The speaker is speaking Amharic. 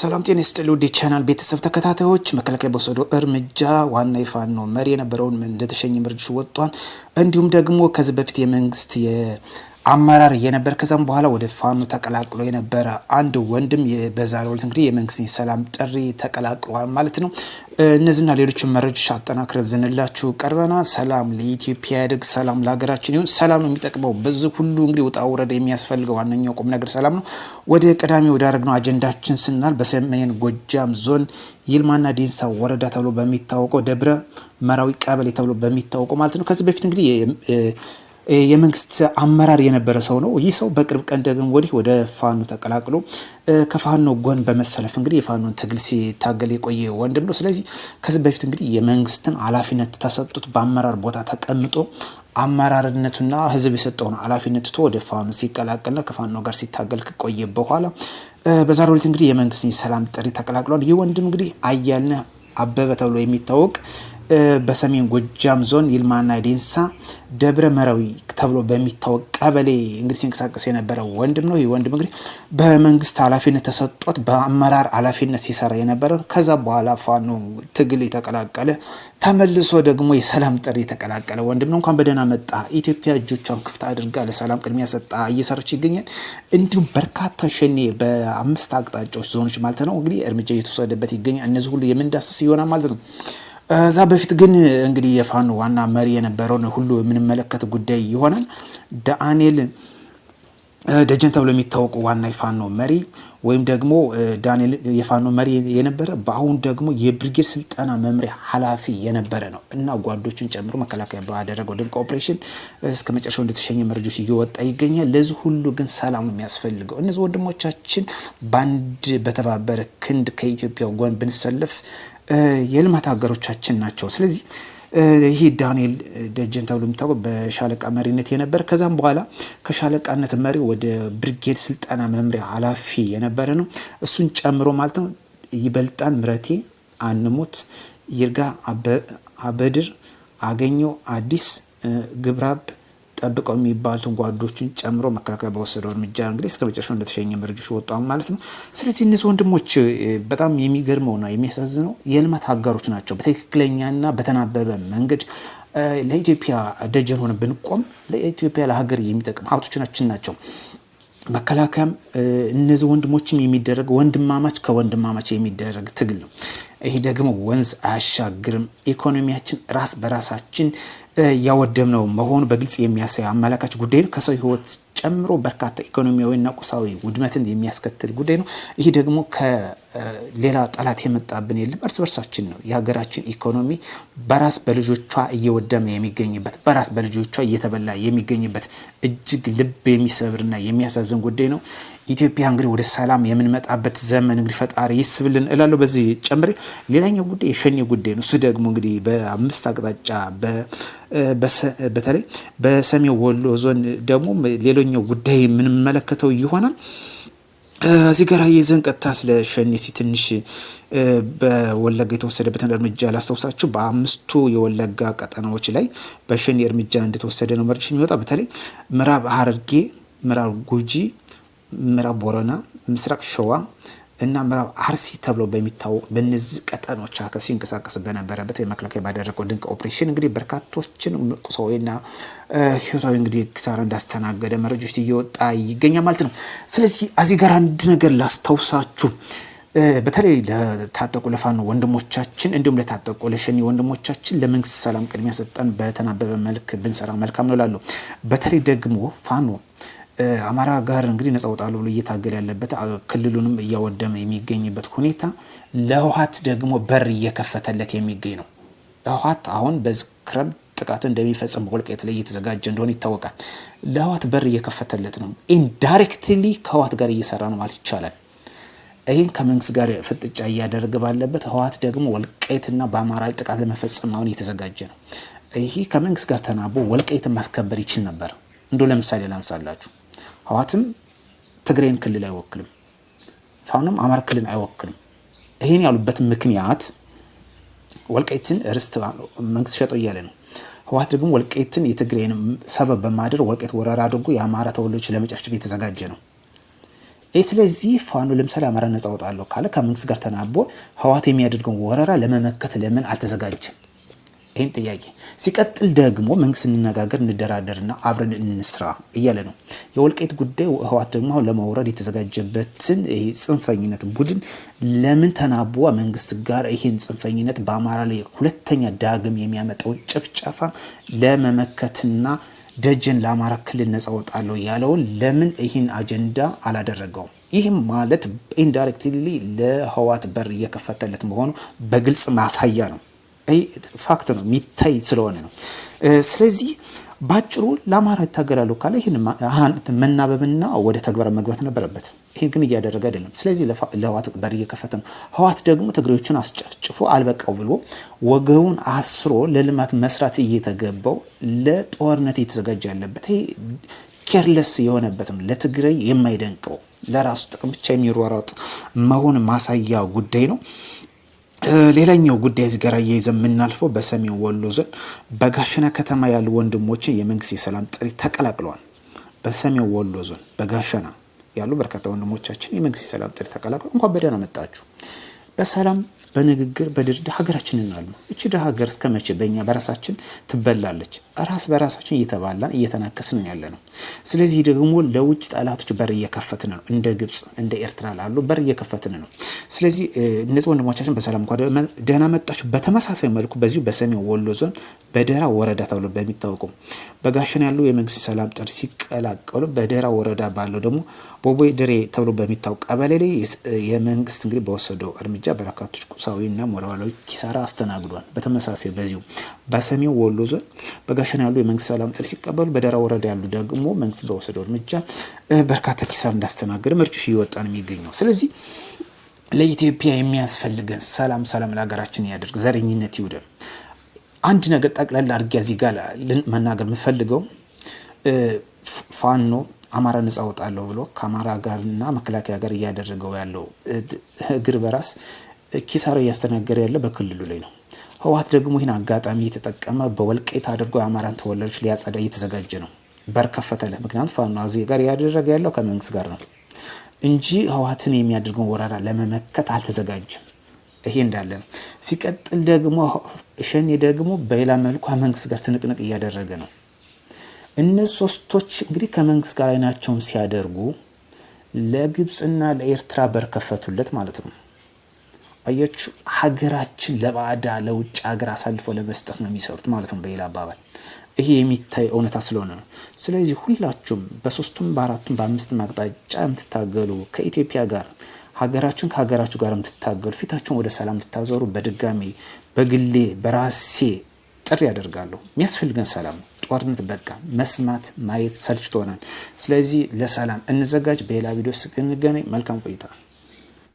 ሰላም ጤና ይስጥልኝ ውድ የቻናል ቤተሰብ ተከታታዮች፣ መከላከያ በወሰደው እርምጃ ዋና የፋኖ መሪ የነበረውን እንደተሸኘ መረጃ ወጥቷል። እንዲሁም ደግሞ ከዚህ በፊት የመንግስት አመራር የነበር ከዛም በኋላ ወደ ፋኖ ተቀላቅሎ የነበረ አንድ ወንድም በዛሬው ዕለት እንግዲህ የመንግስት ሰላም ጥሪ ተቀላቅሏል ማለት ነው። እነዚህና ሌሎች መረጃዎች አጠናክረን ቀርበና ሰላም ለኢትዮጵያ ያድግ፣ ሰላም ለሀገራችን ይሁን። ሰላም ነው የሚጠቅመው። በዚህ ሁሉ እንግዲህ ውጣ ውረድ የሚያስፈልገው ዋነኛው ቁም ነገር ሰላም ነው። ወደ ቀዳሚ ወዳደረግነው አጀንዳችን ስናል በሰሜን ጎጃም ዞን ይልማና ዴንሳ ወረዳ ተብሎ በሚታወቀው ደብረ መራዊ ቀበሌ ተብሎ በሚታወቀው ማለት ነው ከዚህ በፊት እንግዲህ የመንግስት አመራር የነበረ ሰው ነው። ይህ ሰው በቅርብ ቀን ደግሞ ወዲህ ወደ ፋኖ ተቀላቅሎ ከፋኖ ጎን በመሰለፍ እንግዲህ የፋኖን ትግል ሲታገል የቆየ ወንድም ነው። ስለዚህ ከዚህ በፊት እንግዲህ የመንግስትን ኃላፊነት ተሰጡት በአመራር ቦታ ተቀምጦ አመራርነቱና ህዝብ የሰጠውን ኃላፊነት ትቶ ወደ ፋኖ ሲቀላቀልና ከፋኖ ጋር ሲታገል ከቆየ በኋላ በዛሬው ዕለት እንግዲህ የመንግስት ሰላም ጥሪ ተቀላቅሏል። ይህ ወንድም እንግዲህ አያልነህ አበበ ተብሎ የሚታወቅ በሰሜን ጎጃም ዞን ይልማና ዴንሳ ደብረ መረዊ ተብሎ በሚታወቅ ቀበሌ እንግዲህ ሲንቀሳቀስ የነበረ ወንድም ነው። ይህ ወንድም እንግዲህ በመንግስት ኃላፊነት ተሰጥቶት በአመራር ኃላፊነት ሲሰራ የነበረ ከዛ በኋላ ፋኖ ትግል የተቀላቀለ ተመልሶ ደግሞ የሰላም ጥሪ የተቀላቀለ ወንድም ነው። እንኳን በደህና መጣ። ኢትዮጵያ እጆቿን ክፍት አድርጋ ለሰላም ቅድሚያ ሰጣ እየሰራች ይገኛል። እንዲሁም በርካታ ሸኔ በአምስት አቅጣጫዎች ዞኖች ማለት ነው እንግዲህ እርምጃ እየተወሰደበት ይገኛል። እነዚህ ሁሉ የምንዳስስ ይሆናል ማለት ነው። እዛ በፊት ግን እንግዲህ የፋኖ ዋና መሪ የነበረውን ሁሉ የምንመለከት ጉዳይ ይሆናል። ዳንኤል ደጀን ተብሎ የሚታወቁ ዋና የፋኖ መሪ ወይም ደግሞ ዳንኤል የፋኖ መሪ የነበረ በአሁን ደግሞ የብርጌድ ስልጠና መምሪያ ኃላፊ የነበረ ነው እና ጓዶቹን ጨምሮ መከላከያ ባደረገው ድንቅ ኦፕሬሽን እስከ መጨረሻው እንደተሸኘ መረጃዎች እየወጣ ይገኛል። ለዚህ ሁሉ ግን ሰላም የሚያስፈልገው እነዚህ ወንድሞቻችን በአንድ በተባበረ ክንድ ከኢትዮጵያ ጎን ብንሰለፍ የልማት አጋሮቻችን ናቸው። ስለዚህ ይሄ ዳንኤል ደጀን ተብሎ የሚታወቀው በሻለቃ መሪነት የነበረ ከዛም በኋላ ከሻለቃነት መሪ ወደ ብርጌድ ስልጠና መምሪያ ኃላፊ የነበረ ነው። እሱን ጨምሮ ማለት ነው ይበልጣን ምረቴ፣ አንሞት ይርጋ፣ አበድር አገኘው፣ አዲስ ግብራብ ጠብቀው የሚባሉትን ጓዶችን ጨምሮ መከላከያ በወሰደው እርምጃ እንግዲህ እስከ መጨረሻው እንደተሸኘ መረጃዎች ወጥተዋል ማለት ነው። ስለዚህ እነዚህ ወንድሞች በጣም የሚገርመውና የሚያሳዝነው የልማት አጋሮች ናቸው። በትክክለኛና በተናበበ መንገድ ለኢትዮጵያ ደጀን ሆነ ብንቆም ለኢትዮጵያ ለሀገር የሚጠቅም ሀብቶቻችን ናቸው። መከላከያም እነዚህ ወንድሞችም የሚደረግ ወንድማማች ከወንድማማች የሚደረግ ትግል ነው። ይሄ ደግሞ ወንዝ አያሻግርም። ኢኮኖሚያችን ራስ በራሳችን ያወደምነው መሆኑ በግልጽ የሚያሳይ አመላካች ጉዳይ ነው። ከሰው ህይወት ጨምሮ በርካታ ኢኮኖሚያዊና ቁሳዊ ውድመትን የሚያስከትል ጉዳይ ነው። ይህ ደግሞ ሌላ ጠላት የመጣብን የለም። እርስ በርሳችን ነው። የሀገራችን ኢኮኖሚ በራስ በልጆቿ እየወደመ የሚገኝበት በራስ በልጆቿ እየተበላ የሚገኝበት እጅግ ልብ የሚሰብርና የሚያሳዝን ጉዳይ ነው። ኢትዮጵያ እንግዲህ ወደ ሰላም የምንመጣበት ዘመን እንግዲህ ፈጣሪ ይስብልን እላለሁ። በዚህ ጨምሬ ሌላኛው ጉዳይ የሸኔ ጉዳይ ነው። እሱ ደግሞ እንግዲህ በአምስት አቅጣጫ በተለይ በሰሜን ወሎ ዞን ደግሞ ሌላኛው ጉዳይ የምንመለከተው ይሆናል። እዚህ ጋር የዘን ቀጥታ ስለ ሸኒሲ ትንሽ በወለጋ የተወሰደበትን እርምጃ ላስታውሳችሁ። በአምስቱ የወለጋ ቀጠናዎች ላይ በሸኒ እርምጃ እንደተወሰደ ነው መረጃ የሚወጣ። በተለይ ምዕራብ ሐረርጌ፣ ምዕራብ ጉጂ፣ ምዕራብ ቦረና፣ ምስራቅ ሸዋ እና ምዕራብ አርሲ ተብሎ በሚታወቅ በነዚህ ቀጠኖች አካባቢ ሲንቀሳቀስ በነበረበት የመከላከያ ባደረገው ድንቅ ኦፕሬሽን እንግዲህ በርካቶችን ቁሳዊና ህይወታዊ እንግዲህ ክሳራ እንዳስተናገደ መረጃዎች እየወጣ ይገኛል ማለት ነው። ስለዚህ እዚህ ጋር አንድ ነገር ላስታውሳችሁ። በተለይ ለታጠቁ ለፋኖ ወንድሞቻችን እንዲሁም ለታጠቁ ለሸኒ ወንድሞቻችን ለመንግስት ሰላም ቅድሚያ ሰጠን በተናበበ መልክ ብንሰራ መልካም ነው እላለሁ። በተለይ ደግሞ ፋኖ አማራ ጋር እንግዲህ ነጻ ወጣለሁ ብሎ እየታገለ ያለበት ክልሉንም እያወደመ የሚገኝበት ሁኔታ ለህወሓት ደግሞ በር እየከፈተለት የሚገኝ ነው። ህወሓት አሁን በዚህ ክረምት ጥቃት እንደሚፈጽም በወልቃይት ላይ እየተዘጋጀ እንደሆነ ይታወቃል። ለህወሓት በር እየከፈተለት ነው። ኢንዳይሬክትሊ ከህወሓት ጋር እየሰራ ነው ማለት ይቻላል። ይህን ከመንግስት ጋር ፍጥጫ እያደረገ ባለበት ህወሓት ደግሞ ወልቃይትና በአማራ ጥቃት ለመፈጸም አሁን እየተዘጋጀ ነው። ይህ ከመንግስት ጋር ተናቦ ወልቃይትን ማስከበር ይችል ነበር። እንዶ ለምሳሌ ላንሳላችሁ ህዋትም ትግሬን ክልል አይወክልም፣ ፋኖም አማራ ክልል አይወክልም። ይሄን ያሉበት ምክንያት ወልቃይትን ርስት መንግስት ሸጦ እያለ ነው። ህዋት ደግሞ ወልቃይትን የትግሬን ሰበብ በማድረግ ወልቃይት ወረራ አድርጎ የአማራ ተወላጆች ለመጨፍጨፍ የተዘጋጀ ነው። ይህ ስለዚህ ፋኖ ለምሳሌ አማራ ነጻ ወጣለሁ ካለ ከመንግስት ጋር ተናቦ ህዋት የሚያደርገውን ወረራ ለመመከት ለምን አልተዘጋጀም? ይህን ጥያቄ ሲቀጥል ደግሞ መንግስት እንነጋገር እንደራደርና አብረን እንስራ እያለ ነው። የወልቃይት ጉዳይ ህወሓት ደግሞ አሁን ለማውረድ የተዘጋጀበትን ጽንፈኝነት ቡድን ለምን ተናቧ መንግስት ጋር ይህን ጽንፈኝነት በአማራ ላይ ሁለተኛ ዳግም የሚያመጣውን ጭፍጨፋ ለመመከትና ደጀን ለአማራ ክልል ነጻ ወጣለሁ ያለውን ለምን ይህን አጀንዳ አላደረገውም? ይህም ማለት ኢንዳይሬክትሊ ለህወሓት በር እየከፈተለት መሆኑ በግልጽ ማሳያ ነው። ፋክት ነው፣ የሚታይ ስለሆነ ነው። ስለዚህ ባጭሩ ለአማራ ይታገላሉ ካለ ይህን መናበብና ወደ ተግባር መግባት ነበረበት። ይህን ግን እያደረገ አይደለም። ስለዚህ ለህዋት በር እየከፈተ ነው። ህዋት ደግሞ ትግሬዎቹን አስጨፍጭፎ አልበቃው ብሎ ወገቡን አስሮ ለልማት መስራት እየተገባው ለጦርነት እየተዘጋጀ ያለበት ይሄ ኬርለስ የሆነበትም ለትግራይ የማይደንቀው ለራሱ ጥቅም ብቻ የሚሯሯጥ መሆን ማሳያ ጉዳይ ነው። ሌላኛው ጉዳይ እዚህ ጋር እያይዘ የምናልፈው በሰሜን ወሎ ዞን በጋሸና ከተማ ያሉ ወንድሞችን የመንግስት የሰላም ጥሪ ተቀላቅለዋል። በሰሜን ወሎ ዞን በጋሸና ያሉ በርካታ ወንድሞቻችን የመንግስት የሰላም ጥሪ ተቀላቅለው እንኳን በደህና መጣችሁ። በሰላም በንግግር በድርድ ሀገራችን እናሉ። እቺ ደ ሀገር እስከ መቼ በእኛ በራሳችን ትበላለች? ራስ በራሳችን እየተባላን እየተናከስን ያለ ነው። ስለዚህ ደግሞ ለውጭ ጠላቶች በር እየከፈትን ነው። እንደ ግብፅ እንደ ኤርትራ ላሉ በር እየከፈትን ነው። ስለዚህ እነዚህ ወንድሞቻችን በሰላም እንኳ ደህና መጣችሁ። በተመሳሳይ መልኩ በዚሁ በሰሜን ወሎ ዞን በደራ ወረዳ ተብሎ በሚታወቀው በጋሸን ያሉ የመንግስት ሰላም ጥሪ ሲቀላቀሉ በደራ ወረዳ ባለው ደግሞ ቦቦይ ድሬ ተብሎ በሚታወቅ ቀበሌ ላይ የመንግስት እንግዲህ በወሰደው እርምጃ በርካቶች ቁሳዊና ሞራላዊ ኪሳራ አስተናግዷል። በተመሳሳይ በዚሁ በሰሜን ወሎ ዞን በጋሸና ያሉ የመንግስት ሰላምጥር ሲቀበሉ፣ በደራ ወረዳ ያሉ ደግሞ መንግስት በወሰደው እርምጃ በርካታ ኪሳራ እንዳስተናገደ ምርጭ እየወጣ ነው የሚገኘው። ስለዚህ ለኢትዮጵያ የሚያስፈልገን ሰላም ሰላም ለሀገራችን ያደርግ፣ ዘረኝነት ይውደም። አንድ ነገር ጠቅላላ አድርጊያ እዚህ ጋር መናገር የምፈልገው ፋኖ አማራ ነጻ ወጣለሁ ብሎ ከአማራ ጋርና መከላከያ ጋር እያደረገው ያለው እግር በራስ ኪሳራ እያስተናገረ ያለ በክልሉ ላይ ነው። ህወሓት ደግሞ ይህን አጋጣሚ እየተጠቀመ በወልቃይት አድርጎ የአማራን ተወላጆች ሊያጸዳ እየተዘጋጀ ነው። በር ከፈተለ። ምክንያቱም ፋኖ አዜ ጋር እያደረገ ያለው ከመንግስት ጋር ነው እንጂ ህወሓትን የሚያደርገውን ወረራ ለመመከት አልተዘጋጀም ይሄ እንዳለ ነው። ሲቀጥል ደግሞ ሸኔ ደግሞ በሌላ መልኩ ከመንግስት ጋር ትንቅንቅ እያደረገ ነው። እነዚህ ሶስቶች እንግዲህ ከመንግስት ጋር አይናቸውን ሲያደርጉ ለግብፅና ለኤርትራ በር ከፈቱለት ማለት ነው። አያችሁ፣ ሀገራችን ለባዕዳ ለውጭ ሀገር አሳልፎ ለመስጠት ነው የሚሰሩት ማለት ነው። በሌላ አባባል ይሄ የሚታይ እውነታ ስለሆነ ነው። ስለዚህ ሁላችሁም በሶስቱም በአራቱም በአምስትም አቅጣጫ የምትታገሉ ከኢትዮጵያ ጋር ሀገራችን ከሀገራችሁ ጋር የምትታገሉ ፊታችሁን ወደ ሰላም እንድታዞሩ በድጋሚ በግሌ በራሴ ጥሪ ያደርጋለሁ። የሚያስፈልገን ሰላም ነው። ጦርነት በቃ መስማት ማየት ሰልችቶናል። ስለዚህ ለሰላም እንዘጋጅ። በሌላ ቪዲዮ እስክንገናኝ መልካም ቆይታ